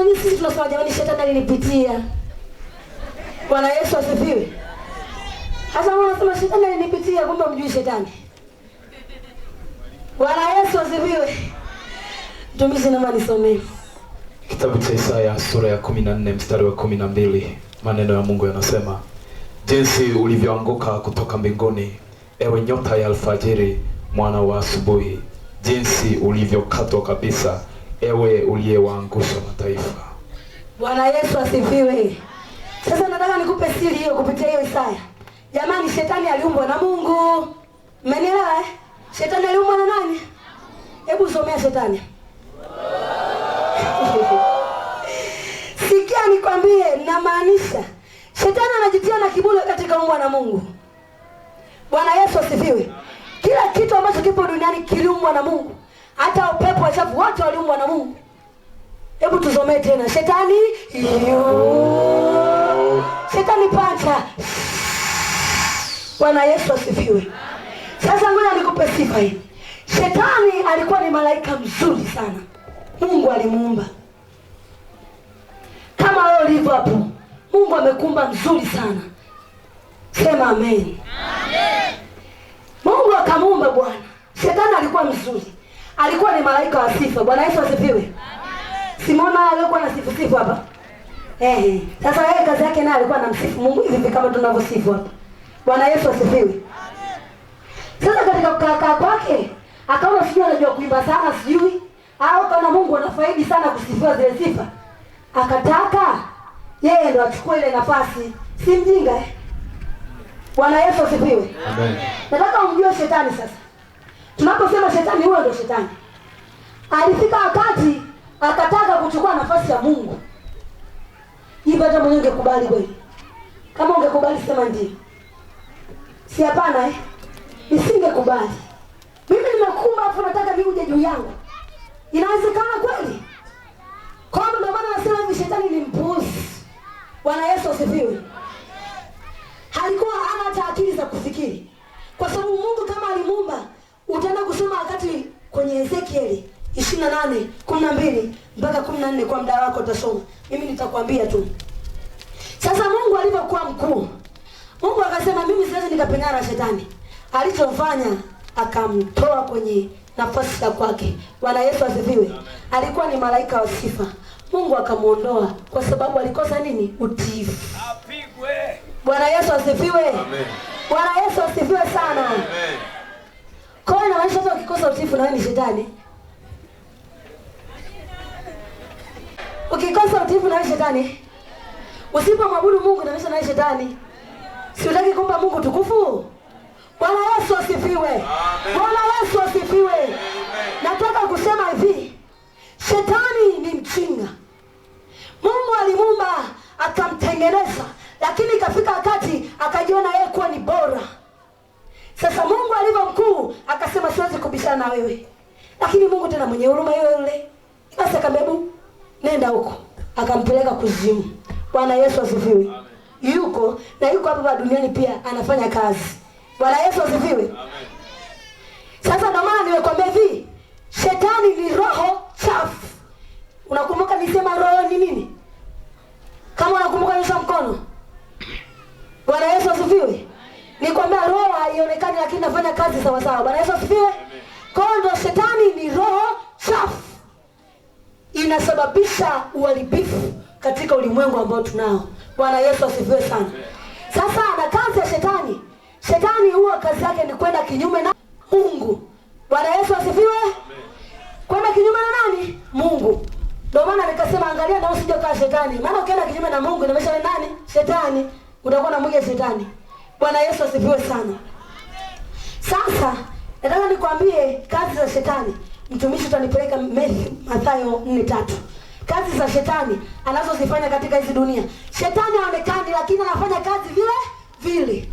ndio sisi tunasema jamani, shetani alinipitia. Bwana Yesu asifiwe. Hasa wao wanasema shetani alinipitia, kumbe mjui shetani. Bwana Yesu asifiwe. Mtumishi, naomba nisomee kitabu cha Isaya sura ya 14 mstari wa 12. Maneno ya Mungu yanasema, jinsi ulivyoanguka kutoka mbinguni, ewe nyota ya alfajiri, mwana wa asubuhi, jinsi ulivyokatwa kabisa ewe uliyewaangusha mataifa. Bwana Yesu asifiwe. Sasa nataka nikupe siri hiyo kupitia hiyo Isaya. Jamani, shetani aliumbwa na Mungu, mmenielewa eh? Shetani aliumbwa na nani? Hebu somea shetani. Sikia nikwambie, namaanisha shetani anajitia na kiburi katika umbwa na Mungu. Bwana Yesu asifiwe. Kila kitu ambacho kipo duniani kiliumbwa na Mungu hata upepo wachafu wote waliumbwa na Mungu. Hebu tuzomee tena, shetani yu shetani panta. Bwana Yesu asifiwe. Sasa ngoja nikupe sifa hii. Shetani alikuwa ni malaika mzuri sana, Mungu alimuumba kama wewe ulivyo hapo. Mungu amekumba mzuri sana, sema amen. Amen. Mungu akamuumba bwana, shetani alikuwa mzuri alikuwa ni malaika wa sifa. Bwana Yesu asifiwe. Simona alikuwa na sifu sifu hapa. Eh, eh, sasa yeye kazi yake naye alikuwa anamsifu Mungu hivi kama tunavyosifu hapa. Bwana Yesu asifiwe. Sasa katika kukaa kwake akaona sijui anajua kuimba sana sijui au kana Mungu anafaidi sana kusifiwa zile sifa. Akataka yeye ndo achukue ile nafasi, si mjinga eh? Bwana Yesu asifiwe. Amen. Nataka umjue shetani sasa. Tunaposema shetani, huyo ndio shetani. Alifika wakati akataka kuchukua nafasi ya Mungu. Hivyo hata mwenyewe ungekubali wewe. Kama ungekubali sema ndio, si hapana eh? Nisingekubali mimi, nimekuumba afu nataka uje juu yangu, inawezekana kweli? Kwa hiyo ndio maana nasema hivi, shetani ni mpuzi. Bwana Yesu asifiwe. Halikuwa hana hata akili za kufikiri, kwa sababu Mungu kama alimuumba utaenda kusoma wakati kwenye Ezekieli 28 12 mpaka 14, kwa muda wako utasoma, mimi nitakwambia tu. Sasa Mungu alivyokuwa mkuu, Mungu akasema mimi siwezi nikapingana na shetani. Alichofanya akamtoa kwenye nafasi ya kwake. Bwana Yesu asifiwe. Alikuwa ni malaika wa sifa. Mungu akamuondoa kwa sababu alikosa nini? Utiifu. Apigwe. Bwana Yesu asifiwe. Amen. Bwana Yesu asifiwe sana. Amen. Kwa hiyo inamaanisha hata ukikosa utiifu na wewe ni shetani. Ukikosa utiifu na wewe shetani. Usipomwabudu Mungu na wewe shetani. Si unataka kumpa Mungu tukufu? Bwana Yesu asifiwe. Bwana Yesu asifiwe. Nataka kusema hivi. Shetani ni mchinga. Mungu alimuumba akamtengeneza, lakini ikafika wakati akajiona yeye kuwa ni bora. Sasa Mungu alivyo mkuu akasema siwezi kubishana na wewe. Lakini Mungu tena mwenye huruma yule yule. Basi akambebu nenda huko. Akampeleka kuzimu. Bwana Yesu asifiwe. Yuko na yuko hapa duniani pia anafanya kazi. Bwana Yesu asifiwe. Sasa ndio maana nimekwambia hivi, shetani ni roho chafu. Unakumbuka nilisema roho ni nini? Kama unakumbuka nyosha mkono. Bwana Yesu asifiwe ni kwamba roho haionekani lakini nafanya kazi sawa sawa. Bwana Yesu asifiwe. Kwa hiyo ndio shetani ni roho chafu, inasababisha uharibifu katika ulimwengu ambao tunao. Bwana Yesu asifiwe sana. Sasa na kazi ya shetani, shetani huwa kazi yake ni kwenda kinyume na Mungu. Bwana Yesu asifiwe. Kwenda kinyume na nani? Mungu. Ndio maana nikasema angalia na usije kaa shetani. Maana ukienda kinyume na Mungu inamaanisha nani? Shetani. Utakuwa na mwiga shetani. Bwana Yesu asifiwe sana. Sasa nataka nikwambie kazi za shetani. Mtumishi utanipeleka Mathayo 4:3. Kazi za shetani anazozifanya katika hizi dunia. Shetani haonekani lakini anafanya kazi vile vile.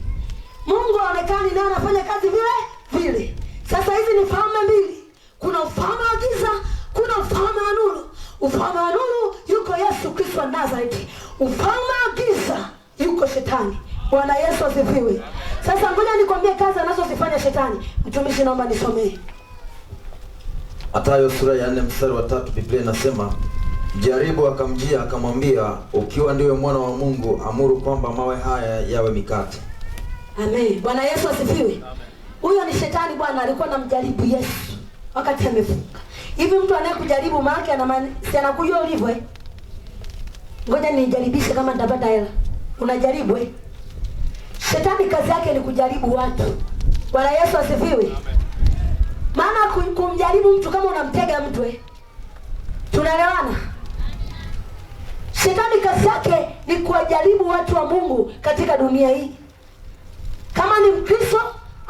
Mungu haonekani naye anafanya kazi vile vile. Sasa hizi ni falme mbili. Kuna ufalme wa giza, kuna ufalme wa nuru. Ufalme wa nuru yuko Yesu Kristo wa Nazareti. Ufalme wa giza yuko shetani. Bwana Yesu asifiwe. Sasa ngoja nikwambie kazi anazozifanya shetani. Mtumishi, naomba nisomee Mathayo sura ya 4 mstari wa 3, Biblia inasema jaribu akamjia akamwambia, ukiwa ndiwe mwana wa Mungu amuru kwamba mawe haya yawe mikate. Amen. Bwana Yesu asifiwe. Huyo ni shetani bwana, alikuwa anamjaribu Yesu wakati amefunga. Hivi mtu anayekujaribu maake maana si anakujua ulivyo eh? Ngoja nijaribishe kama nitapata hela. Unajaribu eh? Shetani kazi yake ni kujaribu watu. Bwana Yesu asifiwe. Maana kumjaribu mtu kama unamtega mtu eh. Tunaelewana? Shetani kazi yake ni kuwajaribu watu wa Mungu katika dunia hii. Kama ni Mkristo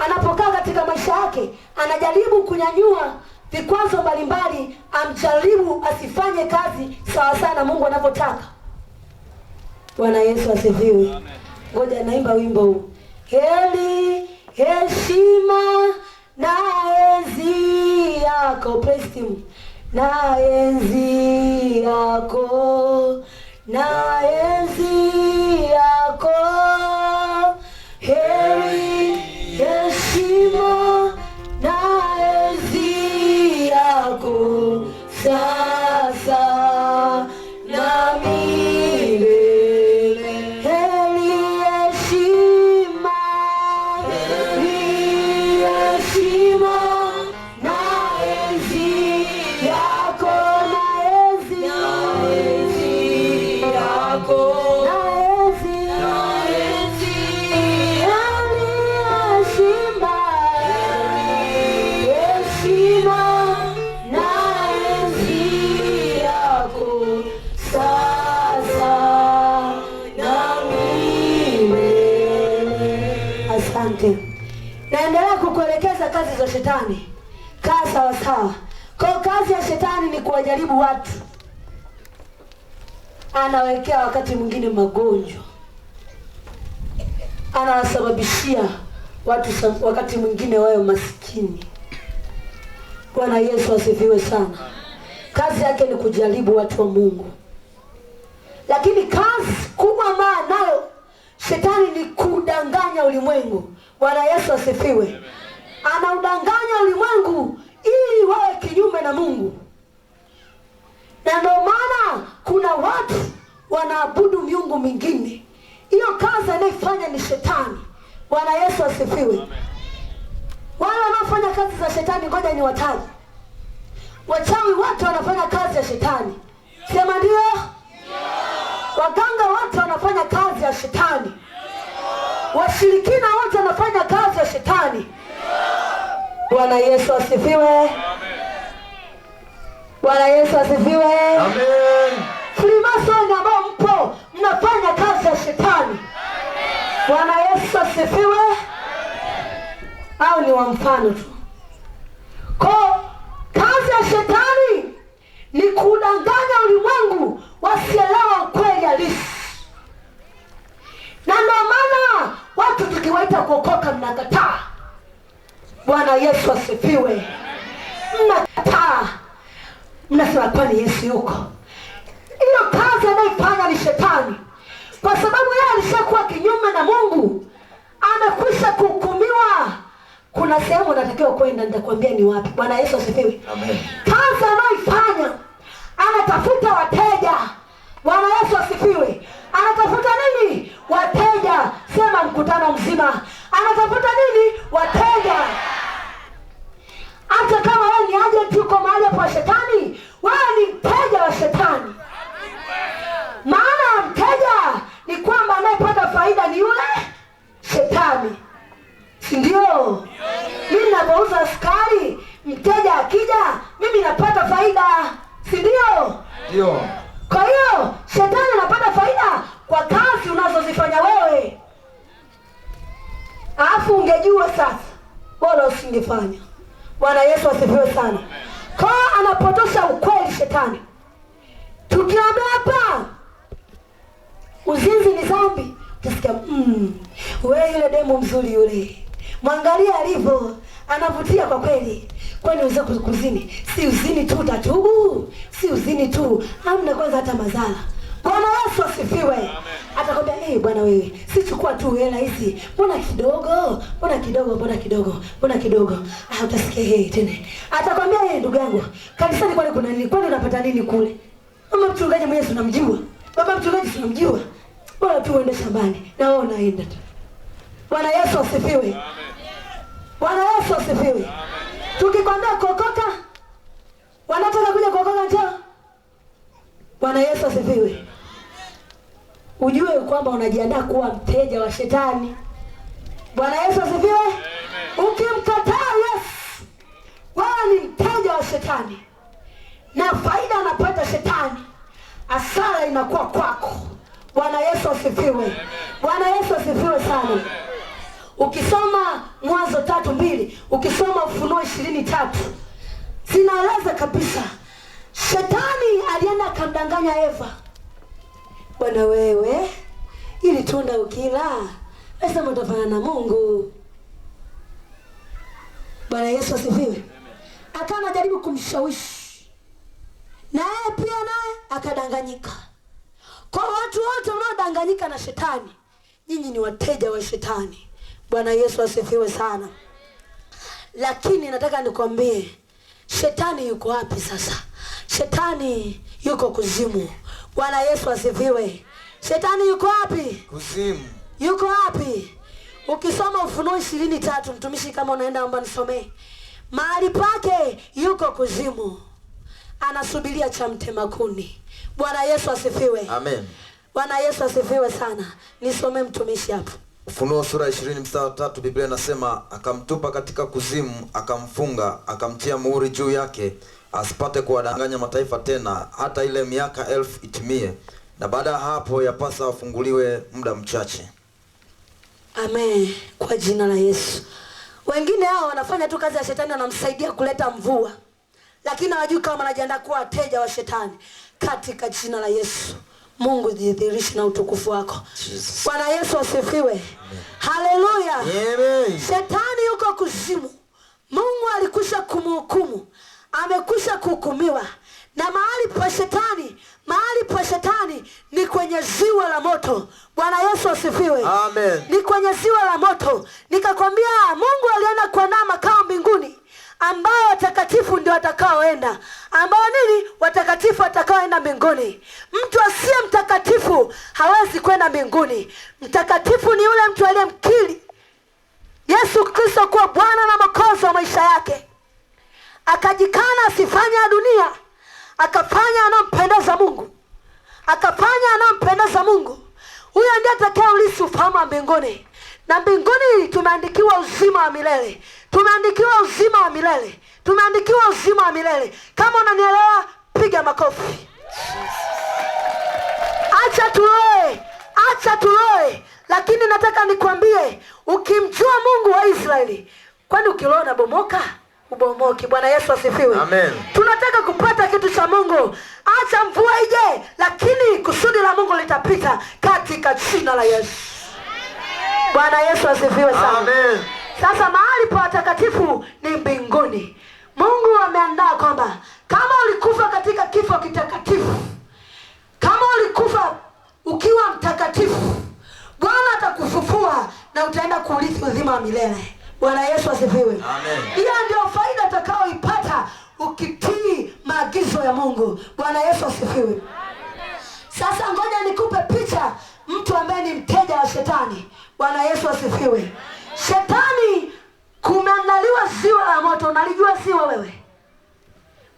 anapokaa katika maisha yake anajaribu kunyanyua vikwazo mbalimbali, amjaribu asifanye kazi sawa sana Mungu anavyotaka. Bwana Yesu asifiwe. Amen. Ngoja naimba wimbo huu. Heli heshima na enzi yako, praise him. Na enzi yako, na enzi inawapelekea wakati mwingine magonjwa, anawasababishia watu wakati mwingine wawe masikini. Bwana Yesu asifiwe sana. Kazi yake ni kujaribu watu wa Mungu, lakini kazi kubwa ambayo nayo shetani ni kudanganya ulimwengu. Bwana Yesu asifiwe. Anaudanganya ulimwengu ili wawe kinyume na Mungu, na ndio maana kuna watu wanaabudu miungu mingine. Hiyo kazi anayefanya ni shetani. Bwana Yesu asifiwe. Wale wanaofanya kazi za shetani, ngoja ni wataji wachawi wote wanafanya kazi ya shetani. Sema ndio. Waganga wote wanafanya kazi ya shetani. Washirikina wote wanafanya kazi ya shetani. Bwana Yesu asifiwe. Bwana Yesu asifiwe. Amen. Freemason ambao mpo mnafanya kazi ya shetani. Bwana Yesu asifiwe. Au ni wa mfano tu ko kazi ya shetani ni kudanganya ulimwengu wasielewa ukweli halisi, na ndio maana watu tukiwaita kuokoka mnakataa. Bwana Yesu asifiwe, mnakataa, mnasema kwani Yesu yuko anayepanga ni shetani, kwa sababu yeye alishakuwa kinyume na Mungu, amekwisha kuhukumiwa. Kuna sehemu natakiwa kwenda, nitakwambia ni wapi. Bwana Yesu asifiwe. Amen. Kazi anayoifanya anatafuta wateja. Bwana Yesu asifiwe. Anatafuta nini? Wateja. Sema mkutano mzima, anatafuta nini? Wateja. Hata kama wewe ni agent, uko mahali pa shetani, wewe ni mteja wa shetani. Mom kidogo, mbona kidogo? Ah, utasikia yeye tena atakwambia yeye, ndugu yangu ni kwani kuna nini? Kwani unapata nini kule? Mama mchungaji mwenyewe tunamjua, baba mchungaji tunamjua, bora tu uende shambani na wewe unaenda tu. Bwana Yesu asifiwe! Amen. Bwana Yesu asifiwe! Amen. Tukikwambia kokoka, wanataka kuja kokoka njoo. Bwana Yesu asifiwe! Ujue kwamba unajiandaa kuwa mteja wa shetani. Bwana Yesu asifiwe. Ukimkataa Yesu, wewe ni mteja wa shetani, na faida anapata shetani, hasara inakuwa kwako. Bwana Yesu asifiwe. Bwana Yesu asifiwe sana. Ukisoma Mwanzo tatu mbili, ukisoma Ufunuo ishirini tatu zinaeleza kabisa shetani alienda akamdanganya Eva, bwana wewe, ili tunda ukila basi mtafanya na Mungu. Bwana Yesu asifiwe. Akawa anajaribu kumshawishi na yeye pia naye akadanganyika. Kwa watu wote wanaodanganyika na shetani, nyinyi ni wateja wa shetani. Bwana Yesu asifiwe sana. Lakini nataka nikwambie shetani yuko wapi sasa? Shetani yuko kuzimu. Bwana Yesu asifiwe. Shetani yuko wapi? Kuzimu yuko wapi? Ukisoma Ufunuo ishirini tatu, mtumishi kama unaenda omba nisomee. Mahali pake yuko kuzimu, anasubiria cha mtemakuni. Bwana Yesu asifiwe. Amen. Bwana Yesu asifiwe sana. Nisomee mtumishi hapo. Ufunuo sura ya ishirini mstari wa tatu, Biblia inasema akamtupa katika kuzimu, akamfunga, akamtia muhuri juu yake, asipate kuwadanganya mataifa tena, hata ile miaka elfu itimie. Na baada ya hapo yapasa afunguliwe muda mchache. Amen. Kwa jina la Yesu. Wengine hao wanafanya tu kazi ya shetani, wanamsaidia kuleta mvua, lakini hawajui kama wanajiandaa kuwa wateja wa shetani. Katika jina la Yesu, Mungu jidhihirishe na utukufu wako. Bwana Yesu asifiwe, haleluya. Shetani yuko kuzimu, Mungu alikwisha kumhukumu, amekwisha kuhukumiwa, na mahali pa shetani Mahali pa shetani ni kwenye ziwa la moto. Bwana Yesu asifiwe. Amen. Ni kwenye ziwa la moto. Nikakwambia Mungu aliona kuandaa makao mbinguni ambao watakatifu ndio watakaoenda, ambao nini? Watakatifu watakaoenda mbinguni. Mtu asiye mtakatifu hawezi kwenda mbinguni. Mtakatifu ni yule mtu aliyemkiri Yesu Kristo kuwa Bwana na Mwokozi wa maisha yake, akajikana asifanye ya dunia akafanya anampendeza Mungu, akafanya anampendeza Mungu. Huyo ndiye atakaye ulisi ufahamu wa mbinguni, na mbinguni tumeandikiwa uzima wa milele, tumeandikiwa uzima wa milele, tumeandikiwa uzima wa milele. Kama unanielewa, piga makofi. Acha tuloe, acha tuloe, lakini nataka nikwambie, ukimjua Mungu wa Israeli, kwani ukiloa unabomoka? ubomoki. Bwana Yesu asifiwe, amen. Tunataka kupata kitu cha Mungu, acha mvua ije, lakini kusudi la Mungu litapita katika jina la Yesu. Bwana Yesu asifiwe sana, amen. Sasa mahali pa watakatifu ni mbinguni. Mungu ameandaa kwamba kama ulikufa katika kifo kitakatifu, kama ulikufa ukiwa mtakatifu, Bwana atakufufua na utaenda kuurithi uzima wa milele. Bwana Yesu asifiwe. Hiyo ndio faida utakaoipata ukitii maagizo ya Mungu. Bwana Yesu asifiwe. Sasa ngoja nikupe picha mtu ambaye ni mteja wa shetani. Bwana Yesu asifiwe. Shetani kumeandaliwa ziwa la moto, nalijua ziwa wewe?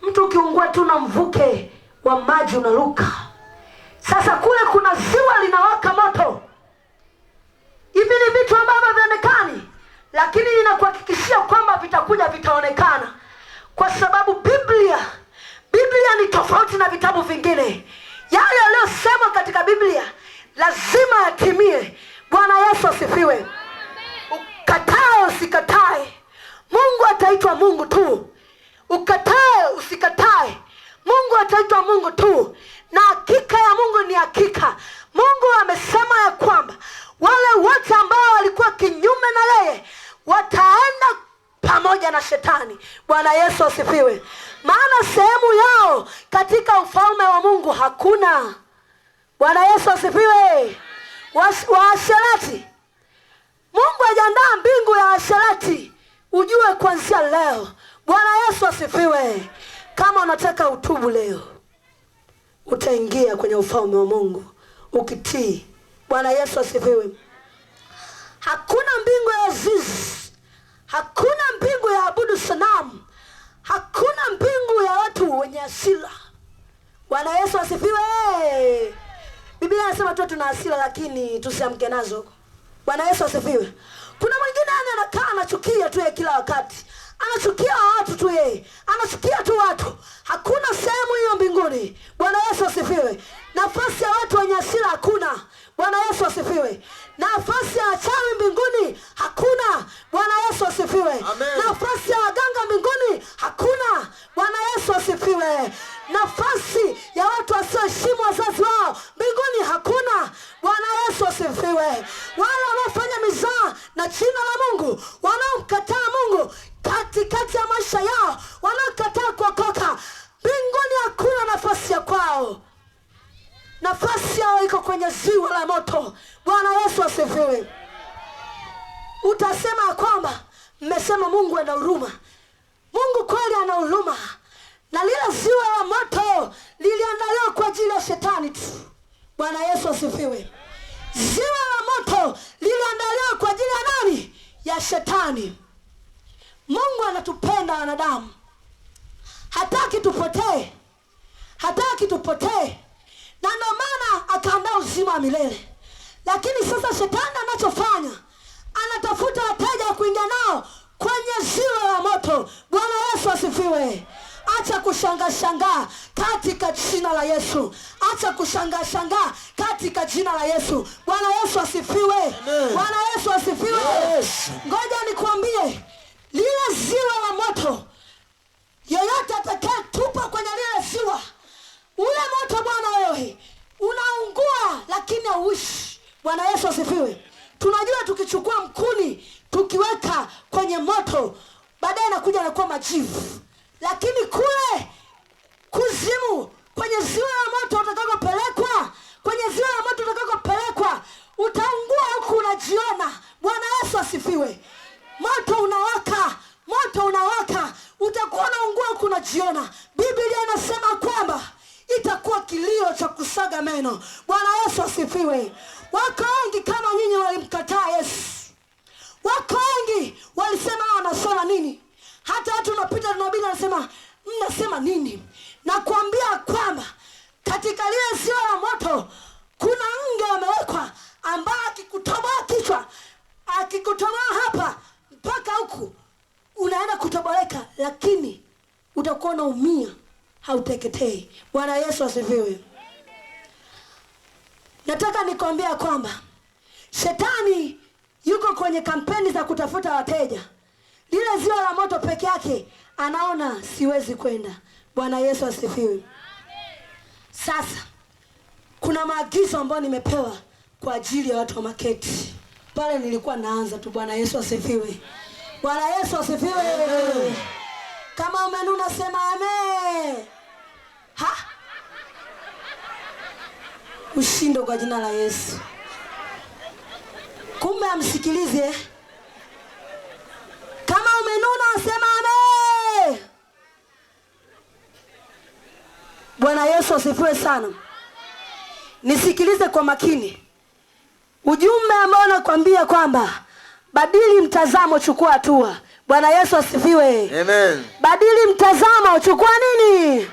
Mtu ukiungua tu na mvuke wa maji unaruka. Sasa kule kuna ziwa linawaka moto, hivi ni vitu ambavyo vionekani lakini ninakuhakikishia kwamba vitakuja, vitaonekana, kwa sababu Biblia Biblia ni tofauti na vitabu vingine. Yale yaliyosemwa katika Biblia lazima yatimie. Bwana Yesu asifiwe. Ukatae usikatae, Mungu ataitwa Mungu tu. Ukatae usikatae, Mungu ataitwa Mungu tu, na hakika ya Mungu ni hakika. Mungu amesema ya kwamba wale wote ambao walikuwa kinyume na yeye wataenda pamoja na shetani. Bwana Yesu asifiwe! Maana sehemu yao katika ufalme wa Mungu hakuna. Bwana Yesu asifiwe! Waasherati, Mungu ajiandaa mbingu ya asherati, ujue kuanzia leo. Bwana Yesu asifiwe! Kama unataka utubu leo, utaingia kwenye ufalme wa Mungu ukitii. Bwana Yesu asifiwe. Hakuna mbingu ya Azizi, hakuna mbingu ya abudu sanamu, hakuna mbingu ya watu wenye asila Bwana Yesu asifiwe. Biblia inasema tu tuna asila lakini tusiamke nazo. Bwana Yesu asifiwe. Kuna mwingine yani anakaa anachukia tu yeye kila wakati, anachukia watu tu yeye, anachukia tu watu. Hakuna sehemu hiyo mbinguni. Bwana Yesu asifiwe. Nafasi ya watu wenye asila hakuna. Bwana Yesu asifiwe. Nafasi ya wachawi mbinguni hakuna. Bwana Yesu asifiwe. Nafasi ya waganga mbinguni hakuna. Bwana Yesu asifiwe. Nafasi ya watu wasioheshimu wazazi wao mbinguni hakuna. Bwana Yesu asifiwe. Wale wanaofanya mizaa na china la Mungu, wanaomkataa Mungu katikati ya maisha yao, wanaokataa kuokoka, mbinguni hakuna nafasi ya kwao. Nafasi yao iko kwenye ziwa la moto. Bwana Yesu asifiwe. Utasema kwamba mmesema Mungu ana huruma. Mungu kweli ana huruma, na lile ziwa la moto liliandaliwa kwa ajili ya shetani tu. Bwana Yesu asifiwe. Ziwa la moto liliandaliwa kwa ajili ya nani? Ya shetani. Mungu anatupenda wanadamu, hataki tupotee, hataki tupotee na ndio maana akaandaa uzima wa milele. Lakini sasa shetani anachofanya anatafuta wateja wa kuingia nao kwenye ziwa la moto. Bwana Yesu asifiwe. Acha kushangaa shangaa katika jina la Yesu. Acha kushangaa shangaa katika jina la Yesu. Bwana Yesu asifiwe. Bwana Yesu asifiwe. Ngoja nikwambie, lile ziwa la moto, yeyote atakayetupa kwenye lile ziwa Ule moto Bwana wewe unaungua, lakini auishi Bwana Yesu asifiwe. Tunajua tukichukua mkuni tukiweka kwenye moto, baadaye nakuja anakuwa majivu, lakini kwenye kampeni za kutafuta wateja, lile ziwa la moto peke yake anaona siwezi kwenda. Bwana Yesu asifiwe. Sasa kuna maagizo ambayo nimepewa kwa ajili ya watu wa Maketi pale nilikuwa naanza tu. Bwana Yesu asifiwe. Bwana Yesu asifiwe. Kama umenuna sema ame Ha? Ushindo kwa jina la Yesu. Kumbe amsikilize. Kama umenuna asema ame Bwana Yesu asifiwe sana. Nisikilize kwa makini ujumbe ambao nakwambia kwamba badili mtazamo, chukua hatua. Bwana Yesu asifiwe. Amen. Badili mtazamo, chukua nini?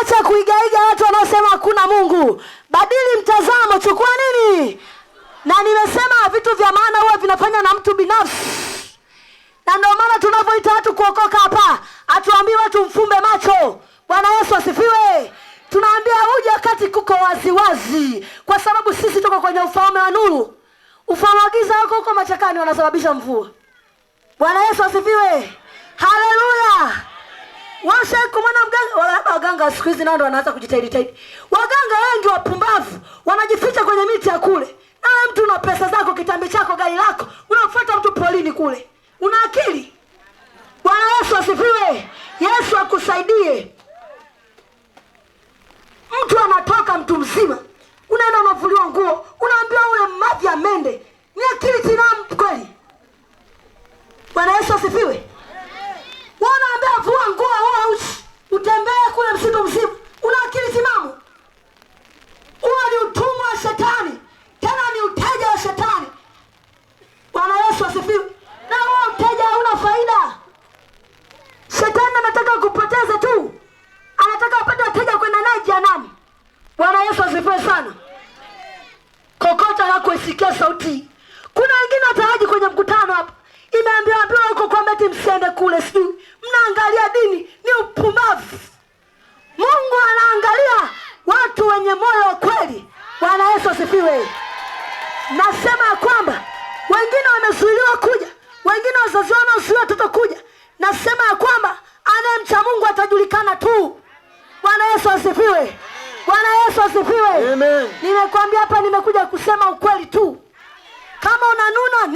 Acha kuigaiga watu wanaosema hakuna Mungu. Badili mtazamo, chukua nini? na nimesema vitu vya maana huwa vinafanywa na mtu binafsi, na ndio maana tunavyoita watu kuokoka hapa, atuambie watu mfumbe macho. Bwana Yesu asifiwe. Tunaambia huja wakati kuko waziwazi wazi, kwa sababu sisi tuko kwenye ufalme wa nuru. Ufalme wa giza wako huko machakani wanasababisha mvua. Bwana Yesu asifiwe, haleluya. Washakumwona mganga, labda waganga siku hizi nao ndo wanaanza kujitahidi tahidi. Waganga wengi wapumbavu wanajificha kwenye miti ya kule Nawe mtu una pesa zako, kitambi chako, gari lako, unamfuata mtu polini kule, una akili? Bwana Yesu asifiwe. Yesu akusaidie. Mtu anatoka mtu mzima, unaenda unavuliwa nguo, unaambiwa ule maji ya mende. Ni akili tinamu kweli? Bwana Yesu asifiwe.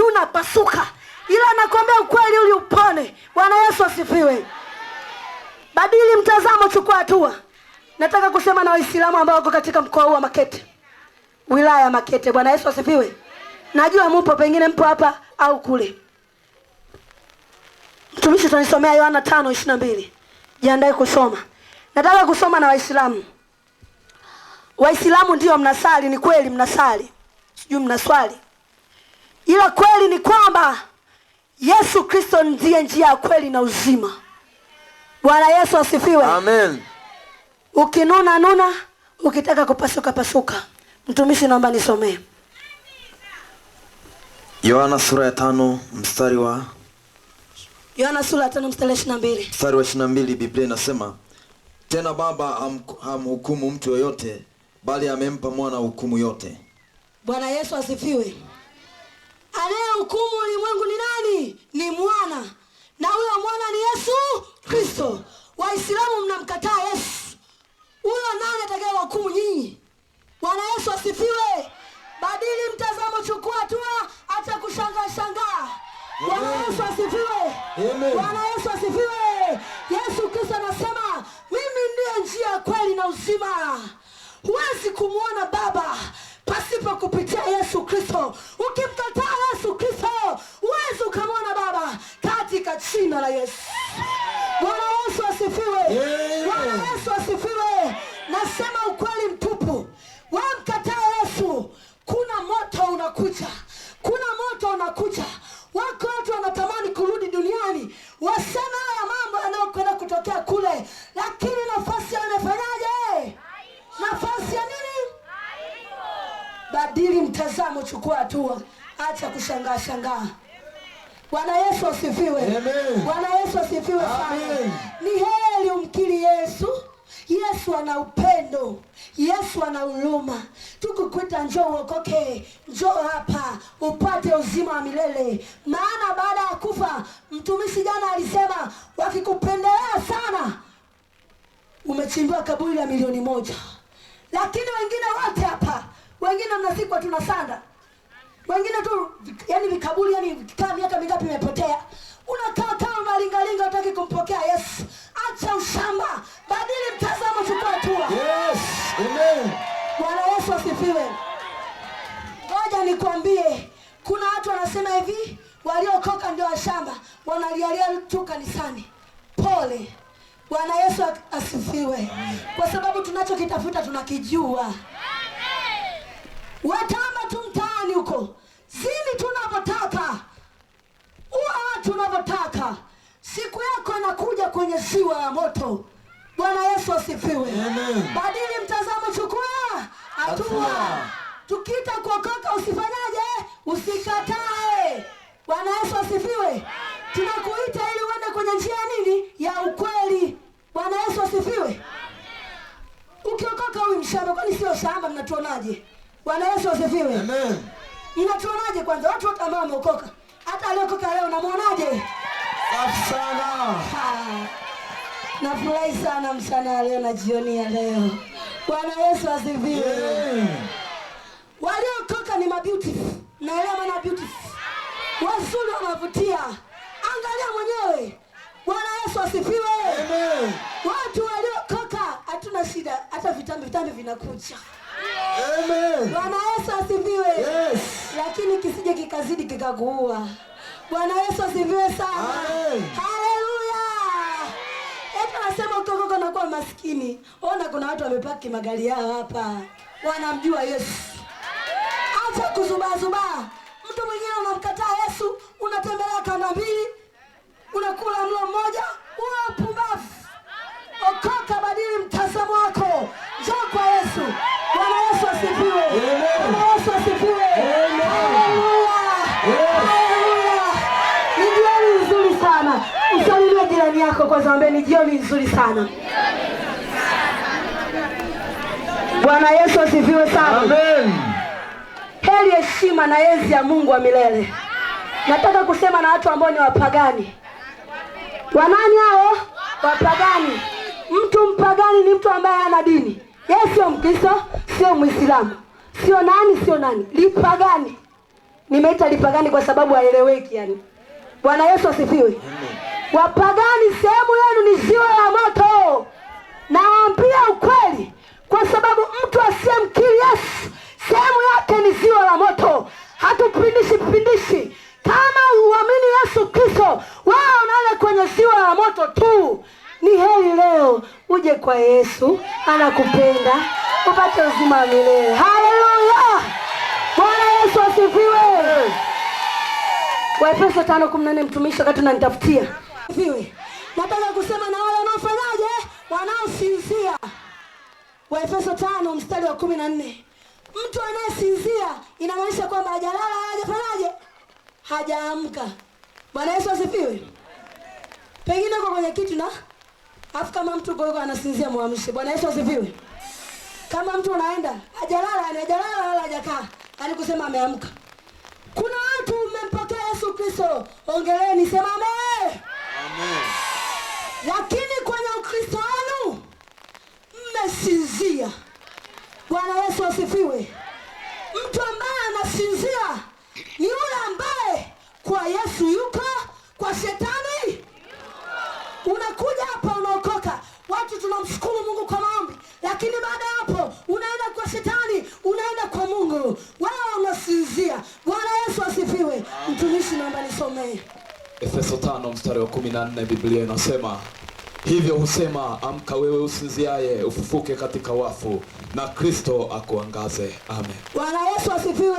nuna pasuka, ila nakwambia ukweli uli upone. Bwana Yesu asifiwe. Badili mtazamo, chukua hatua. Nataka kusema na Waislamu ambao wako katika mkoa huu wa Makete, wilaya ya Makete. Bwana Yesu asifiwe. Najua mupo, pengine mpo hapa au kule. Mtumishi tanisomea Yohana tano ishirini na mbili. Jiandae kusoma, nataka kusoma na Waislamu. Waislamu ndio mnasali, ni kweli mnasali, sijui mnaswali ila kweli ni kwamba Yesu Kristo ndiye njia ya kweli na uzima. Bwana Yesu asifiwe. Amen. Ukinuna nuna, ukitaka kupasuka pasuka. Mtumishi, naomba nisomee Yohana sura ya tano mstari wa Yohana sura ya tano mstari wa ishirini mbili mstari wa ishirini mbili Biblia inasema tena Baba hamhukumu mtu yoyote, bali amempa mwana hukumu yote. Bwana Yesu asifiwe anayehukumu ulimwengu ni nani? Ni mwana, na huyo mwana ni Yesu Kristo. Waislamu mnamkataa Yesu, huyo nani atakaye wahukumu nyinyi? Bwana Yesu asifiwe. Badili mtazamo, chukua hatua, acha kushangaa shangaa. Bwana Yesu asifiwe. Bwana Yesu asifiwe. Yesu Kristo anasema mimi ndiyo njia, kweli na uzima, huwezi kumwona Baba pasipo kupitia Yesu Kristo. Ukimkataa Yesu Kristo huwezi ukamwona Baba, katika jina la Yesu. Bwana Yesu asifiwe! Bwana Yesu asifiwe! Nasema ukweli mtupu, wamkataa Yesu, kuna moto unakuja, kuna moto unakuja. Wako watu wanatamani kurudi duniani, waseme haya mambo yanayokwenda kutokea kule, lakini kuchukua hatua. Acha kushangaa shangaa. Bwana Yesu asifiwe. Bwana Yesu asifiwe sana. Ni heri umkiri Yesu. Yesu ana upendo, Yesu ana huruma. Tukukuita njoo uokoke, njoo hapa upate uzima wa milele. Maana baada ya kufa, mtumishi jana alisema wakikupendelea sana, umechimbiwa kaburi la milioni moja. Lakini wengine wote hapa, wengine mnasikwa tunasanda wengine tu yani vikaburi, yani kaa miaka mingapi imepotea, unakaa kama unalingalinga, utaki kumpokea Yesu. Acha ushamba, badili mtazamo, chukua hatua. Yes, amen. Bwana Yesu asifiwe. Ngoja nikwambie, kuna watu wanasema hivi, waliokoka ndio washamba, wanalialia tu kanisani. Pole. Bwana Yesu asifiwe, kwa sababu tunachokitafuta tunakijua. Watamba tu mta jirani huko, zili tunavyotaka, ua watu unavyotaka. Siku yako inakuja kwenye siwa ya moto. Bwana Yesu asifiwe. Badili mtazamo, chukua hatua. Tukita kuokoka, usifanyaje? Usikatae. Bwana Yesu asifiwe. Tunakuita ili uende kwenye njia ya nini ya ukweli. Bwana Yesu asifiwe. Ukiokoka huyu mshamba, kwani sio shamba? Mnatuonaje? Bwana Yesu asifiwe. Amen. Inatuonaje kwanza watu wote ambao wameokoka? Hata aliokoka leo unamwonaje? Safi sana. Nafurahi sana mchana ya leo na jioni ya leo. Bwana Yesu asifiwe. Yeah. Waliokoka ni mabeautiful. Naelewa maana beautiful. Wazuri wanavutia. Angalia mwenyewe. Bwana Yesu asifiwe. Amen. Watu waliokoka hatuna shida, hata vitambi vitambi vinakuja. Amen. Bwana Yesu asifiwe. Yes. Lakini kisije kikazidi kikakuua. Bwana Yesu asifiwe sana. Amen. Haleluya. Hata nasema ukiokoka unakuwa maskini. Ona kuna watu wamepaki magari yao hapa. Wanamjua Yesu. Acha kuzubazubaa. Mtu mwenyewe unamkataa Yesu, unatembelea kanda mbili, unakula mlo mmoja, wewe pumbavu. Okoka, badili mtazamo wako. Njoo kwa Yesu. Ni jioni nzuri sana. Msalimie jirani yako kwanza, mwambie ni jioni nzuri sana. Bwana Yesu asifiwe sana. Amen. Heri heshima na enzi ya Mungu wa milele. Nataka kusema na watu ambao ni wapagani. Wanani hao? Wapagani. Mtu mpagani ni mtu ambaye hana dini. Yeye sio Mkristo, sio Muislamu, sio nani, sio nani, lipagani. Nimeita lipagani kwa sababu haeleweki yani. Bwana Yesu asifiwe. Wapagani, sehemu yenu ni ziwa la moto. Nawaambia ukweli, kwa sababu mtu asiyemkiri Yesu sehemu yake ni ziwa la moto. Hatupindishi pindishi. Kama uamini Yesu Kristo, wao wanaenda kwenye ziwa la moto tu. Ni heri leo uje kwa Yesu, anakupenda upate uzima wa milele. Haleluya, Bwana Yesu asifiwe. Waefeso tano kumi mtumishi wakati unanitafutia viwe nataka kusema na wale wanaofanyaje, wanaosinzia. Waefeso tano mstari wa 14, mtu anayesinzia inamaanisha kwamba hajalala, hajafanyaje, hajaamka. Bwana Yesu asifiwe. Pengine uko kwenye kitu na Alafu kama mtu uko anasinzia muamshe. Bwana Yesu asifiwe. Kama mtu unaenda, hajalala, hajalala wala hajakaa. Yaani kusema ameamka. Kuna watu mmempokea Yesu Kristo. Ongeleni sema amen. Amen. Lakini kwenye Ukristo wenu mmesinzia. Bwana Yesu asifiwe. Mtu ambaye anasinzia ni yule ambaye kwa Yesu yuko, kwa shetani mstari wa kumi na nne Biblia inasema hivyo husema, amka wewe usinziaye, ufufuke katika wafu, na Kristo akuangaze. Amen. Bwana Yesu asifiwe.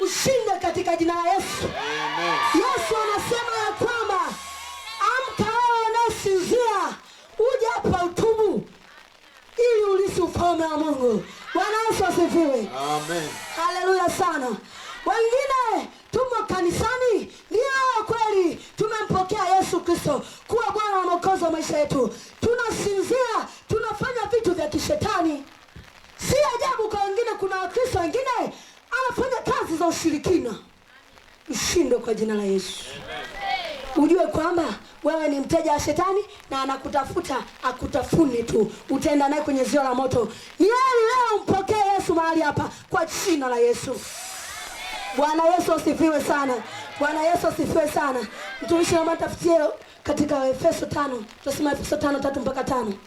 ushinde katika jina la Yesu. Amen. Yesu anasema ya kwamba amka, wewe unaosinzia, uje hapa utubu, ili ulisi ufalme wa Mungu. Bwana Yesu asifiwe. Amen. Haleluya sana. Wengine tumo kanisani, ndio kweli tumempokea Yesu Kristo kuwa Bwana na Mwokozi wa maisha yetu, tunasinzia, tunafanya vitu vya kishetani. Si ajabu kwa wengine, kuna Wakristo wengine anafanya kazi za ushirikina, ushindwe kwa jina la Yesu. Ujue kwamba wewe ni mteja wa Shetani na anakutafuta akutafuni tu, utaenda naye kwenye zio la moto. Ni heri leo mpokee Yesu mahali hapa kwa jina la Yesu. Bwana Yesu asifiwe sana. Bwana Yesu asifiwe sana. Mtumishi wa matafutio katika Efeso tano, tunasema Efeso tano tatu mpaka tano.